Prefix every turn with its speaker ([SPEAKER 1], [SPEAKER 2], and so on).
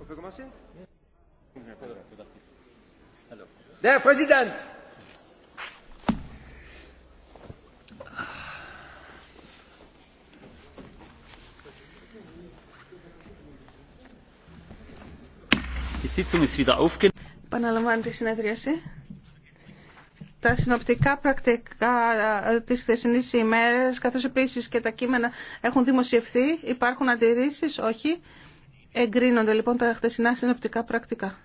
[SPEAKER 1] On peut commencer Der
[SPEAKER 2] Präsident!
[SPEAKER 3] Die Sitzung ist wieder aufgenommen
[SPEAKER 4] τα συνοπτικά πρακτικά της χθεσινής ημέρας, καθώς επίσης και τα κείμενα έχουν δημοσιευθεί. Υπάρχουν αντιρρήσεις, όχι. Εγκρίνονται λοιπόν τα χθεσινά συνοπτικά πρακτικά.